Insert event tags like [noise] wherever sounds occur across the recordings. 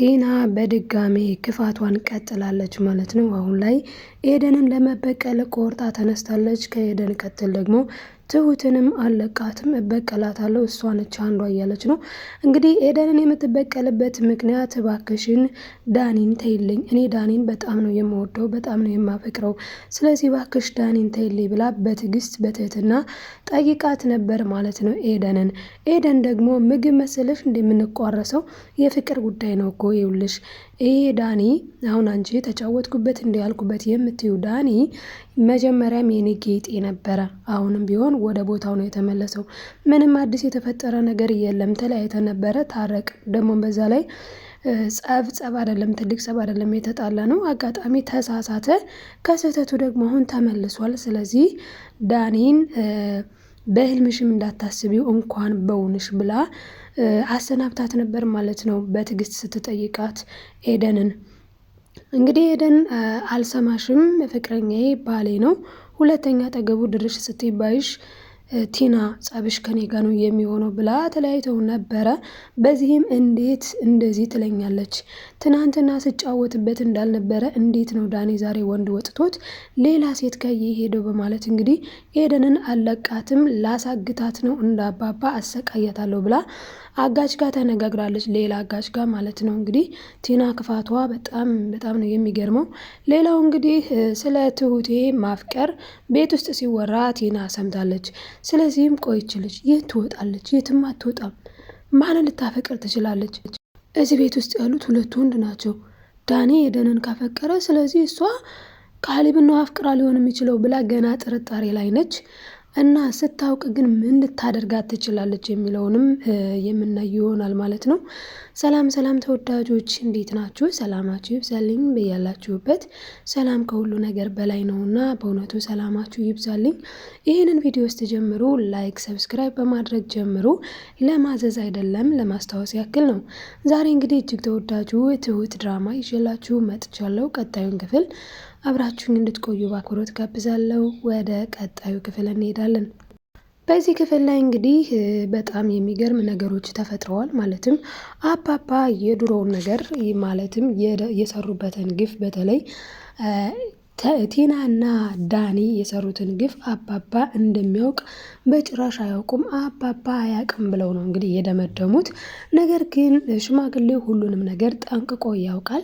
ቲና በድጋሜ ክፋቷን ቀጥላለች ማለት ነው። አሁን ላይ ኤደንን ለመበቀል ቆርጣ ተነስታለች። ከኤደን ቀጥል ደግሞ ትሁትንም አለቃትም እበቀላታለሁ እሷ ነች አንዷ እያለች ነው እንግዲህ ኤደንን የምትበቀልበት ምክንያት ባክሽን ዳኒን ተይልኝ፣ እኔ ዳኒን በጣም ነው የምወደው፣ በጣም ነው የማፈቅረው፣ ስለዚህ ባክሽ ዳኒን ተይልኝ ብላ በትዕግስት በትህትና ጠይቃት ነበር ማለት ነው ኤደንን። ኤደን ደግሞ ምግብ መሰለሽ እንደምንቋረሰው የፍቅር ጉዳይ ነው እኮ ይውልሽ ይሄ ዳኒ አሁን አንቺ ተጫወትኩበት እንዲያልኩበት የምትዩ ዳኒ መጀመሪያም የኔ ጌጤ ነበረ። አሁንም ቢሆን ወደ ቦታው ነው የተመለሰው። ምንም አዲስ የተፈጠረ ነገር የለም። ተለያይተ ነበረ ታረቅ። ደግሞ በዛ ላይ ጸብ ጸብ አይደለም ትልቅ ጸብ አይደለም የተጣላ ነው። አጋጣሚ ተሳሳተ። ከስህተቱ ደግሞ አሁን ተመልሷል። ስለዚህ ዳኒን በህልምሽም እንዳታስቢው እንኳን በውንሽ ብላ አሰናብታት ነበር ማለት ነው። በትዕግስት ስትጠይቃት ኤደንን እንግዲህ ኤደን አልሰማሽም፣ ፍቅረኛዬ ባሌ ነው፣ ሁለተኛ አጠገቡ ድርሽ ስትባይሽ ቲና ጸብሽ ከኔ ጋ ነው የሚሆነው ብላ ተለያይተው ነበረ። በዚህም እንዴት እንደዚህ ትለኛለች? ትናንትና ስጫወትበት እንዳልነበረ እንዴት ነው ዳኔ ዛሬ ወንድ ወጥቶት ሌላ ሴት ጋር የሄደው? በማለት እንግዲህ ኤደንን አለቃትም ላሳግታት ነው እንዳባባ አሰቃያታለሁ ብላ አጋች ጋር ተነጋግራለች። ሌላ አጋች ጋር ማለት ነው እንግዲህ ቲና ክፋቷ በጣም በጣም ነው የሚገርመው። ሌላው እንግዲህ ስለ ትሁቴ ማፍቀር ቤት ውስጥ ሲወራ ቲና ሰምታለች። ስለዚህም ቆይች ልጅ የት ትወጣለች? የትም አትወጣም። ማንን ልታፈቅር ትችላለች? እዚህ ቤት ውስጥ ያሉት ሁለት ወንድ ናቸው። ዳኔ የደንን ካፈቀረ፣ ስለዚህ እሷ ካሊብን ነው አፍቅራ ሊሆን የሚችለው ብላ ገና ጥርጣሬ ላይ ነች። እና ስታውቅ ግን ምን ልታደርጋት ትችላለች የሚለውንም የምናይ ይሆናል ማለት ነው። ሰላም ሰላም ተወዳጆች እንዴት ናችሁ? ሰላማችሁ ይብዛልኝ በያላችሁበት። ሰላም ከሁሉ ነገር በላይ እና በእውነቱ ሰላማችሁ ይብዛልኝ። ይህንን ቪዲዮ ስትጀምሩ ላይክ፣ ሰብስክራይብ በማድረግ ጀምሩ። ለማዘዝ አይደለም ለማስታወስ ያክል ነው። ዛሬ እንግዲህ እጅግ ተወዳጁ ትሁት ድራማ ይዤላችሁ መጥቻለሁ ቀጣዩን ክፍል አብራችሁን እንድትቆዩ በአክብሮት ጋብዛለሁ። ወደ ቀጣዩ ክፍል እንሄዳለን። በዚህ ክፍል ላይ እንግዲህ በጣም የሚገርም ነገሮች ተፈጥረዋል። ማለትም አባባ የድሮውን ነገር ማለትም የሰሩበትን ግፍ በተለይ እና ዳኒ የሰሩትን ግፍ አባባ እንደሚያውቅ በጭራሽ አያውቁም። አባባ አያውቅም ብለው ነው እንግዲህ የደመደሙት። ነገር ግን ሽማግሌው ሁሉንም ነገር ጠንቅቆ ያውቃል።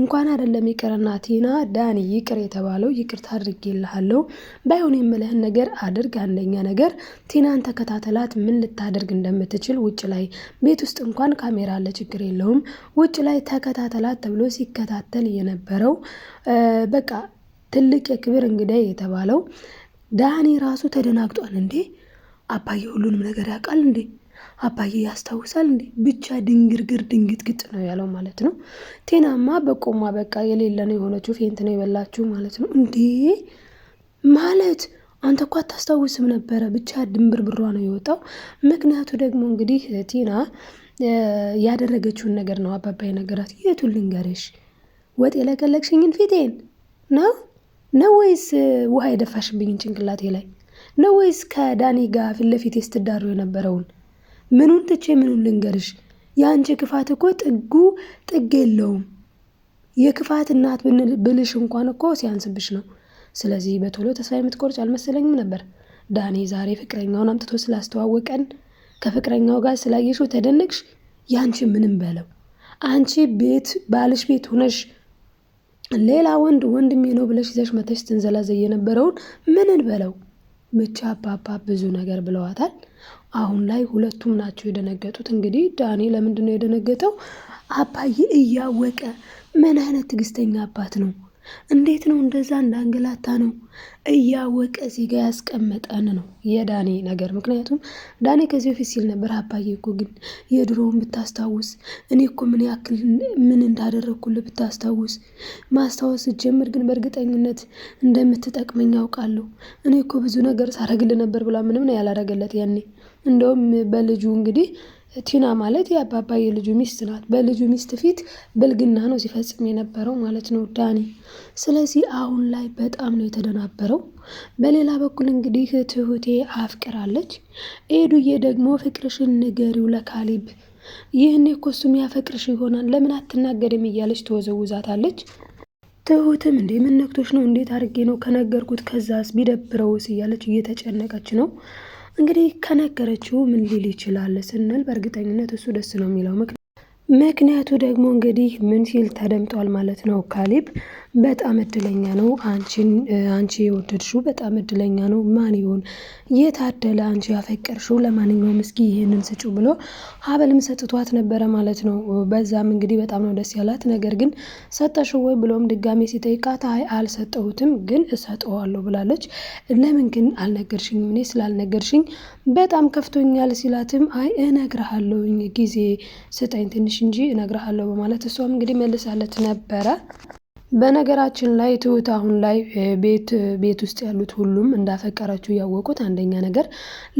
እንኳን አይደለም ይቅርና ቲና ዳኒ ይቅር የተባለው ይቅርታ አድርጌልሃለሁ፣ ባይሆን የምልህን ነገር አድርግ። አንደኛ ነገር ቲናን ተከታተላት፣ ምን ልታደርግ እንደምትችል ውጭ ላይ፣ ቤት ውስጥ እንኳን ካሜራ አለ፣ ችግር የለውም። ውጭ ላይ ተከታተላት ተብሎ ሲከታተል የነበረው በቃ ትልቅ የክብር እንግዳ የተባለው ዳኒ ራሱ ተደናግጧል። እንዴ አባዬ ሁሉንም ነገር ያውቃል እንዴ አባዬ ያስታውሳል እንዴ ብቻ ድንግርግር ድንግጥግጥ ነው ያለው ማለት ነው። ቴናማ በቆማ በቃ የሌለ ነው የሆነችው፣ ፌንት ነው የበላችሁ ማለት ነው። እንዴ ማለት አንተ እኳ አታስታውስም ነበረ ብቻ ብሯ ነው የወጣው። ምክንያቱ ደግሞ እንግዲህ ቴና ያደረገችውን ነገር ነው አባባይ ነገራት። የቱን ልንገርሽ ወጥ የለቀለቅሽኝን ፊቴን ነው ነው ወይስ ውሃ የደፋሽብኝን ጭንቅላቴ ላይ ነው ወይስ ከዳኒ ጋር ፊት ለፊት ስትዳሩ የነበረውን ምኑን ትቼ ምኑን ልንገርሽ? የአንቺ ክፋት እኮ ጥጉ ጥግ የለውም። የክፋት እናት ብልሽ እንኳን እኮ ሲያንስብሽ ነው። ስለዚህ በቶሎ ተስፋ የምትቆርጭ አልመሰለኝም ነበር። ዳኒ ዛሬ ፍቅረኛውን አምጥቶ ስላስተዋወቀን ከፍቅረኛው ጋር ስላየሽው ተደነቅሽ። ያንቺ ምንም በለው አንቺ ቤት ባልሽ ቤት ሆነሽ ሌላ ወንድ ወንድሜ ነው ብለሽ ይዘሽ መተሽ ትንዘላዘይ የነበረውን ምንን በለው ምቻ አባባ ብዙ ነገር ብለዋታል። አሁን ላይ ሁለቱም ናቸው የደነገጡት። እንግዲህ ዳኒ ለምንድን ነው የደነገጠው? አባዬ እያወቀ ምን አይነት ትዕግስተኛ አባት ነው እንዴት ነው እንደዛ እንዳንገላታ ነው እያወቀ እዚህ ጋር ያስቀመጠን ነው የዳኔ ነገር። ምክንያቱም ዳኔ ከዚህ በፊት ሲል ነበር አባዬ እኮ ግን የድሮውን ብታስታውስ፣ እኔ እኮ ምን ያክል ምን እንዳደረግኩል ብታስታውስ፣ ማስታወስ ጀምር፣ ግን በእርግጠኝነት እንደምትጠቅመኝ ያውቃለሁ። እኔ እኮ ብዙ ነገር ሳረግል ነበር ብላ ምንም ያላረገለት ያኔ። እንደውም በልጁ እንግዲህ ቲና ማለት የአባባ የልጁ ሚስት ናት። በልጁ ሚስት ፊት ብልግና ነው ሲፈጽም የነበረው ማለት ነው ዳኒ። ስለዚህ አሁን ላይ በጣም ነው የተደናበረው። በሌላ በኩል እንግዲህ ትሁቴ አፍቅራለች። ኤዱዬ ደግሞ ፍቅርሽን ንገሪው ለካሊብ ይህን እኮ እሱም ይሆናል ለምን አትናገድም እያለች ተወዘውዛታለች። ትሁትም እንዴ ምን ነው? እንዴት አድርጌ ነው ከነገርኩት ከዛስ ቢደብረውስ? እያለች እየተጨነቀች ነው። እንግዲህ ከነገረችው ምን ሊል ይችላል ስንል በእርግጠኝነት እሱ ደስ ነው የሚለው ምክንያቱ ደግሞ እንግዲህ ምን ሲል ተደምጧል ማለት ነው። ካሊብ በጣም እድለኛ ነው፣ አንቺን አንቺ የወደድሽው በጣም እድለኛ ነው። ማን ይሁን የታደለ አንቺ ያፈቀርሽው? ለማንኛውም እስኪ ይህንን ስጩ ብሎ ሀብልም ሰጥቷት ነበረ ማለት ነው። በዛም እንግዲህ በጣም ነው ደስ ያላት። ነገር ግን ሰጠሽው ወይ ብሎም ድጋሜ ሲጠይቃት አይ አልሰጠሁትም፣ ግን እሰጠዋለሁ ብላለች። ለምን ግን አልነገርሽኝ? እኔ ስላልነገርሽኝ በጣም ከፍቶኛል ሲላትም አይ እነግርሃለሁኝ ጊዜ ስጠኝ ትንሽ ትሆናለች እንጂ እነግርሃለሁ በማለት እሷም እንግዲህ መልሳለት ነበረ። በነገራችን ላይ ትሁት አሁን ላይ ቤት ቤት ውስጥ ያሉት ሁሉም እንዳፈቀረችው ያወቁት አንደኛ ነገር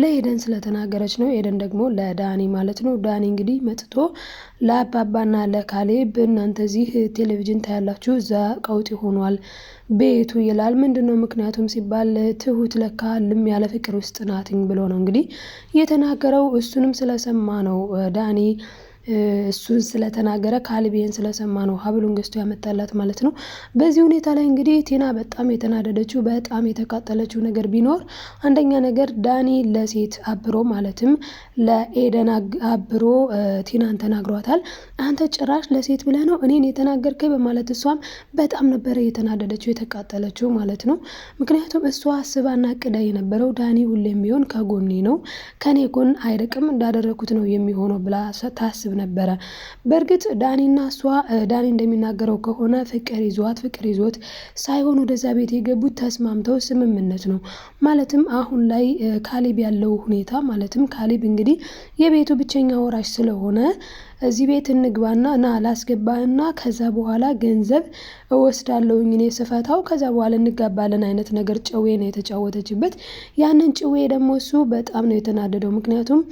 ለኤደን ስለተናገረች ነው። ኤደን ደግሞ ለዳኒ ማለት ነው። ዳኒ እንግዲህ መጥቶ ለአባባና ለካሌብ እናንተ እዚህ ቴሌቪዥን ታያላችሁ፣ እዛ ቀውጥ ሆኗል ቤቱ ይላል። ምንድን ነው ምክንያቱም ሲባል ትሁት ለካ ልም ያለ ፍቅር ውስጥ ናትኝ ብሎ ነው እንግዲህ የተናገረው። እሱንም ስለሰማ ነው ዳኒ እሱን ስለተናገረ ከአልቢየን ስለሰማ ነው ሀብሉን ገዝቶ ያመጣላት ማለት ነው። በዚህ ሁኔታ ላይ እንግዲህ ቲና በጣም የተናደደችው በጣም የተቃጠለችው ነገር ቢኖር አንደኛ ነገር ዳኒ ለሴት አብሮ ማለትም ለኤደን አብሮ ቲናን ተናግሯታል። አንተ ጭራሽ ለሴት ብለ ነው እኔን የተናገርከኝ በማለት እሷም በጣም ነበረ የተናደደችው የተቃጠለችው ማለት ነው። ምክንያቱም እሷ አስባና ቅዳ የነበረው ዳኒ ሁሌም ቢሆን ከጎኔ ነው ከኔ ጎን አይርቅም እንዳደረኩት ነው የሚሆነው ብላ ታስብ ነበረ። በእርግጥ ዳኒና እሷ ዳኒ እንደሚናገረው ከሆነ ፍቅር ይዟት ፍቅር ይዞት ሳይሆን ወደዛ ቤት የገቡት ተስማምተው ስምምነት ነው። ማለትም አሁን ላይ ካሊብ ያለው ሁኔታ ማለትም ካሊብ እንግዲህ የቤቱ ብቸኛ ወራሽ ስለሆነ እዚህ ቤት እንግባና ና ላስገባህና ከዛ በኋላ ገንዘብ እወስዳለሁኝ እኔ ስፈታው ከዛ በኋላ እንጋባለን አይነት ነገር ጭዌ ነው የተጫወተችበት። ያንን ጭዌ ደግሞ እሱ በጣም ነው የተናደደው ምክንያቱም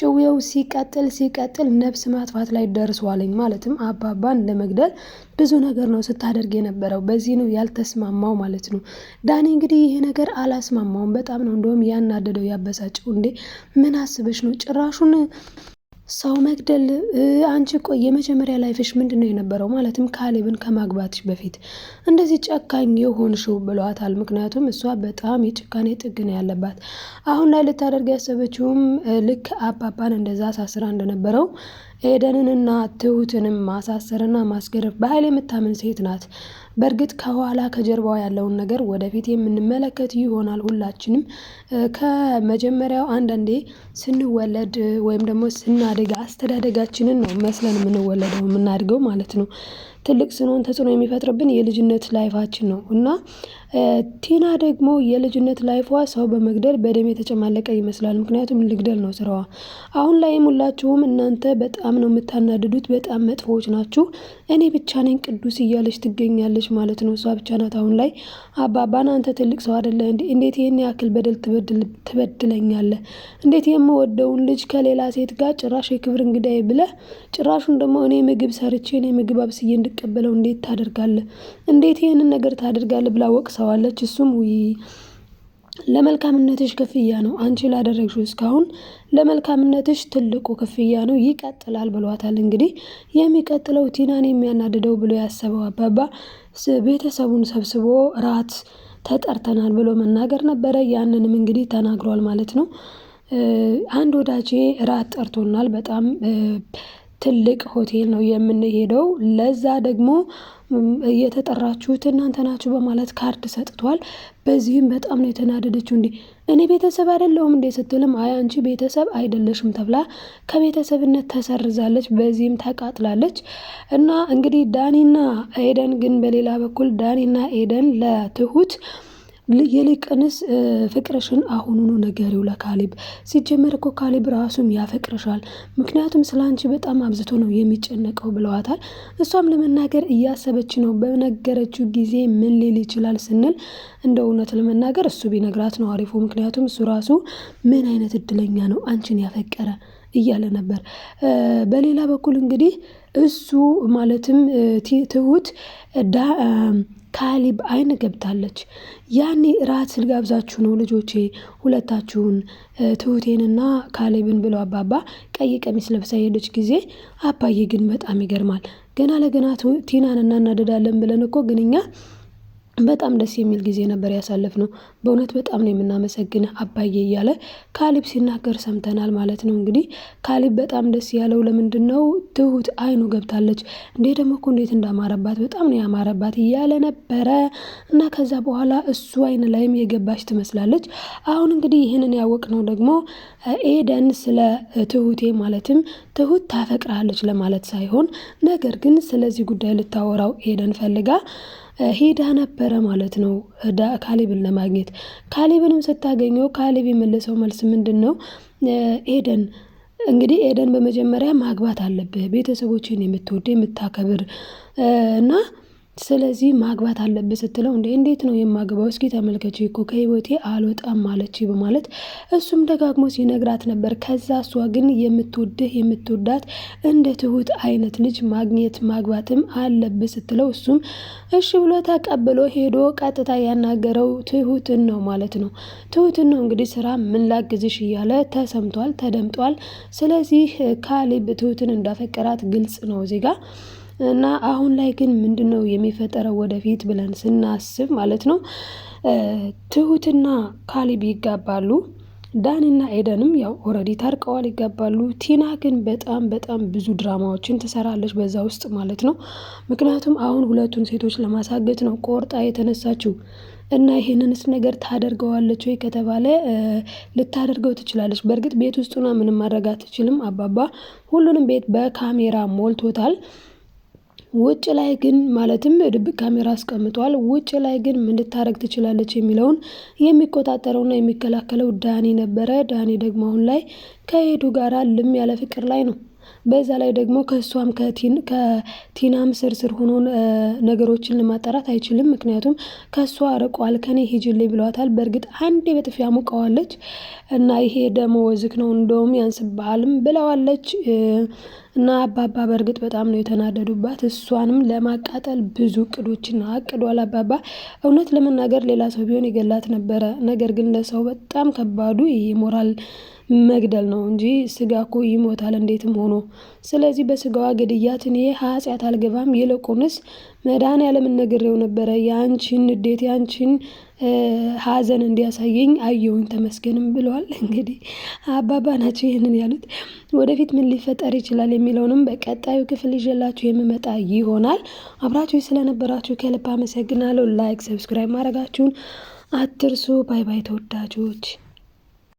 ጭዌው ሲቀጥል ሲቀጥል ነፍስ ማጥፋት ላይ ደርሷልኝ ማለትም አባባን ለመግደል ብዙ ነገር ነው ስታደርግ የነበረው። በዚህ ነው ያልተስማማው ማለት ነው። ዳኒ እንግዲህ ይሄ ነገር አላስማማውም። በጣም ነው እንደውም ያናደደው ያበሳጭው። እንዴ ምን አስበሽ ነው ጭራሹን ሰው መግደል አንቺ ቆይ የመጀመሪያ ላይፍሽ ምንድን ነው የነበረው? ማለትም ካሌብን ከማግባትሽ በፊት እንደዚህ ጨካኝ የሆንሽው ብሏታል። ምክንያቱም እሷ በጣም የጭካኔ ጥግ ነው ያለባት። አሁን ላይ ልታደርግ ያሰበችውም ልክ አባባን እንደዛ ሳስራ እንደነበረው ኤደንንና ትሁትንም ማሳሰርና ማስገረፍ በኃይል የምታምን ሴት ናት። በእርግጥ ከኋላ ከጀርባዋ ያለውን ነገር ወደፊት የምንመለከት ይሆናል። ሁላችንም ከመጀመሪያው አንዳንዴ ስንወለድ ወይም ደግሞ ስናድግ አስተዳደጋችንን ነው መስለን የምንወለደው የምናድገው ማለት ነው። ትልቅ ስንሆን ተጽዕኖ የሚፈጥርብን የልጅነት ላይፋችን ነው እና ቲና ደግሞ የልጅነት ላይፏ ሰው በመግደል በደም የተጨማለቀ ይመስላል። ምክንያቱም ልግደል ነው ስራዋ። አሁን ላይም ሁላችሁም እናንተ በጣም ነው የምታናድዱት፣ በጣም መጥፎዎች ናችሁ። እኔ ብቻ ነኝ ቅዱስ እያለች ትገኛለች ማለት ነው። እሷ ብቻ ናት አሁን ላይ አባባን አንተ ትልቅ ሰው አደለ እንዴ? እንዴት ይህን ያክል በደል ትበድለኛለ እንዴት የምወደውን ልጅ ከሌላ ሴት ጋር ጭራሽ የክብር እንግዳይ ብለ ጭራሹን ደግሞ እኔ ምግብ ሰርቼ እኔ ምግብ አብስዬ እንዳትቀበለው እንዴት ታደርጋለህ? እንዴት ይህንን ነገር ታደርጋለህ? ብላ ወቅሰዋለች። እሱም ውይ ለመልካምነትሽ ክፍያ ነው አንቺ ላደረግሽው እስካሁን ለመልካምነትሽ ትልቁ ክፍያ ነው ይቀጥላል ብሏታል። እንግዲህ የሚቀጥለው ቲናን የሚያናድደው ብሎ ያሰበው አባባ ቤተሰቡን ሰብስቦ ራት ተጠርተናል ብሎ መናገር ነበረ። ያንንም እንግዲህ ተናግሯል ማለት ነው። አንድ ወዳጄ ራት ጠርቶናል በጣም ትልቅ ሆቴል ነው የምንሄደው። ለዛ ደግሞ የተጠራችሁት እናንተ ናችሁ በማለት ካርድ ሰጥቷል። በዚህም በጣም ነው የተናደደችው። እንዴ እኔ ቤተሰብ አይደለሁም እንዴ ስትልም አይ አንቺ ቤተሰብ አይደለሽም ተብላ ከቤተሰብነት ተሰርዛለች። በዚህም ተቃጥላለች። እና እንግዲህ ዳኒና ኤደን ግን በሌላ በኩል ዳኒና ኤደን ለትሁት ይልቅንስ ፍቅርሽን አሁኑኑ ነገሪው ለካሊብ። ሲጀመር እኮ ካሊብ ራሱም ያፈቅርሻል፣ ምክንያቱም ስለ አንቺ በጣም አብዝቶ ነው የሚጨነቀው ብለዋታል። እሷም ለመናገር እያሰበች ነው። በነገረችው ጊዜ ምን ሊል ይችላል ስንል እንደ እውነት ለመናገር እሱ ቢነግራት ነው አሪፉ። ምክንያቱም እሱ ራሱ ምን አይነት እድለኛ ነው አንቺን ያፈቀረ እያለ ነበር። በሌላ በኩል እንግዲህ እሱ ማለትም ትሁት ካሊብ አይን ገብታለች። ያኔ እራት ስልጋብዛችሁ ነው ልጆቼ ሁለታችሁን ትሁቴንና ካሊብን ብሎ አባባ ቀይ ቀሚስ ለብሳ የሄደች ጊዜ አባዬ ግን በጣም ይገርማል። ገና ለገና ቲናን እናናደዳለን ብለን እኮ ግን እኛ በጣም ደስ የሚል ጊዜ ነበር ያሳለፍ ነው። በእውነት በጣም ነው የምናመሰግን አባዬ እያለ ካሊብ ሲናገር ሰምተናል ማለት ነው። እንግዲህ ካሊብ በጣም ደስ ያለው ለምንድን ነው? ትሁት አይኑ ገብታለች እንዴ ደግሞ እኮ እንዴት እንዳማረባት በጣም ነው ያማረባት እያለ ነበረ። እና ከዛ በኋላ እሱ አይን ላይም የገባች ትመስላለች። አሁን እንግዲህ ይህንን ያወቅ ነው ደግሞ ኤደን ስለ ትሁቴ ማለትም ትሁት ታፈቅራለች ለማለት ሳይሆን ነገር ግን ስለዚህ ጉዳይ ልታወራው ኤደን ፈልጋ ሄዳ ነበረ ማለት ነው ካሌብን ለማግኘት። ካሌብንም ስታገኘው ካሌብ የመለሰው መልስ ምንድን ነው? ኤደን እንግዲህ ኤደን በመጀመሪያ ማግባት አለብህ ቤተሰቦችን የምትወድ የምታከብር እና ስለዚህ ማግባት አለብህ ስትለው እንዴ እንዴት ነው የማግባው? እስኪ ተመልከች እኮ ከህይወቴ አልወጣም ማለች በማለት እሱም ደጋግሞ ሲነግራት ነበር። ከዛ እሷ ግን የምትወድህ የምትወዳት እንደ ትሁት አይነት ልጅ ማግኘት ማግባትም አለብህ ስትለው እሱም እሺ ብሎ ተቀብሎ ሄዶ ቀጥታ ያናገረው ትሁትን ነው ማለት ነው። ትሁትን ነው እንግዲህ ስራ ምን ላግዝሽ እያለ ተሰምቷል፣ ተደምጧል። ስለዚህ ካሊብ ትሁትን እንዳፈቀራት ግልጽ ነው ዜጋ እና አሁን ላይ ግን ምንድን ነው የሚፈጠረው ወደፊት ብለን ስናስብ ማለት ነው ትሁትና ካሊብ ይጋባሉ። ዳኒና ኤደንም ያው ኦልሬዲ ታርቀዋል፣ ይጋባሉ። ቲና ግን በጣም በጣም ብዙ ድራማዎችን ትሰራለች በዛ ውስጥ ማለት ነው። ምክንያቱም አሁን ሁለቱን ሴቶች ለማሳገት ነው ቆርጣ የተነሳችው እና ይህንንስ ነገር ታደርገዋለች ወይ ከተባለ ልታደርገው ትችላለች። በእርግጥ ቤት ውስጡና ምንም ማድረግ አትችልም። አባባ ሁሉንም ቤት በካሜራ ሞልቶታል። ውጭ ላይ ግን ማለትም ድብቅ ካሜራ አስቀምጧል። ውጭ ላይ ግን ምን ትችላለች የሚለውን የሚቆጣጠረውና የሚከላከለው ዳኒ ነበረ። ዳኒ ደግሞ አሁን ላይ ከሄዱ ጋር ልም ያለ ፍቅር ላይ ነው። በዛ ላይ ደግሞ ከእሷም ከቲናም ስርስር ሆኖ ነገሮችን ለማጣራት አይችልም። ምክንያቱም ከእሷ ርቋል፣ ከኔ ሂጅልኝ ብለዋታል። በእርግጥ አንዴ በጥፊ አሞቀዋለች እና ይሄ ወዝክ ነው እንደውም ያንስብሃልም ብለዋለች። እና አባባ በእርግጥ በጣም ነው የተናደዱባት። እሷንም ለማቃጠል ብዙ እቅዶችን አቅዷል አባባ። እውነት ለመናገር ሌላ ሰው ቢሆን ይገላት ነበረ። ነገር ግን ለሰው በጣም ከባዱ ይሞራል ሞራል መግደል ነው እንጂ ስጋ እኮ ይሞታል እንዴትም ሆኖ። ስለዚህ በስጋዋ ገድያት እኔ ኃጢአት አልገባም። ይልቁንስ መድኃኔዓለምን ነግሬው ነበረ የአንቺን ንዴት የአንቺን ሀዘን እንዲያሳየኝ አየውኝ ተመስገንም ብለዋል። [laughs] እንግዲህ አባባ ናቸው ይህንን ያሉት። ወደፊት ምን ሊፈጠር ይችላል የሚለውንም በቀጣዩ ክፍል ይዤላችሁ የምመጣ ይሆናል። አብራችሁ ስለነበራችሁ ከልብ አመሰግናለሁ። ላይክ፣ ሰብስክራይብ ማድረጋችሁን አትርሱ። ባይ ባይ ተወዳጆች።